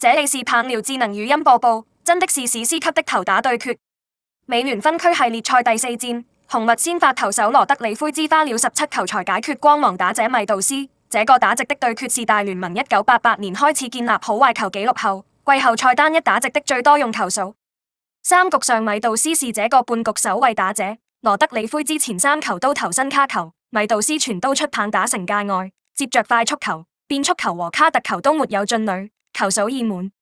這裏是棒聊智能語音播報，真的是史詩級的投打對決。美聯分區系列賽第四戰，紅襪先發投手羅德里奎茲花了十七球才解決光芒打者米道斯。這個打席的對決是大聯盟一九八八年開始建立好壞球紀錄後，季後賽單一打席的最多用球數。三局上，米道斯是這個半局首位打者，羅德里奎茲前三球都投伸卡球，米道斯全都出棒打成界外，接着快速球、變速球和卡特球都沒有進壘。球數已滿，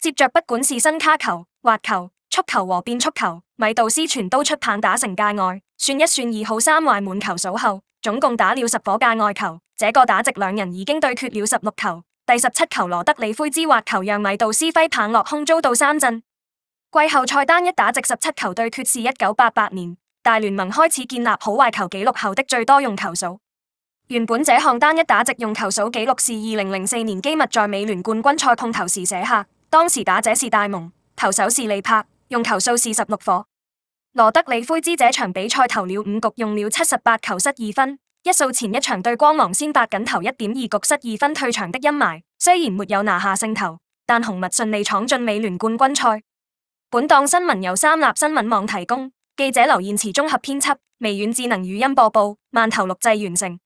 接着不管是新卡球、滑球、速球和變速球，米道斯全都出棒打成界外。算一算二好三壞滿球數後，總共打了十顆界外球。這個打席兩人已經對決了十六球，第十七球羅德里奎茲滑球讓米道斯揮棒落空，遭到三振。季後賽單一打席十七球對決是一九八八年大聯盟開始建立好壞球紀錄後的最多用球數。原本這項單一打席用球數紀錄是二零零四年機密在美聯冠軍賽碰頭時寫下，當時打者是戴蒙，投手是利柏，用球數是十六顆。羅德里奎茲這場比賽投了五局，用了七十八球失二分。一掃前一場對光芒先發緊投一點二局失二分退場的陰霾。雖然沒有拿下勝投，但紅襪順利闖進美聯冠軍賽。本檔新聞由三立新聞網提供，記者劉燕慈綜合編輯，微軟智能語音播報，慢頭錄製完成。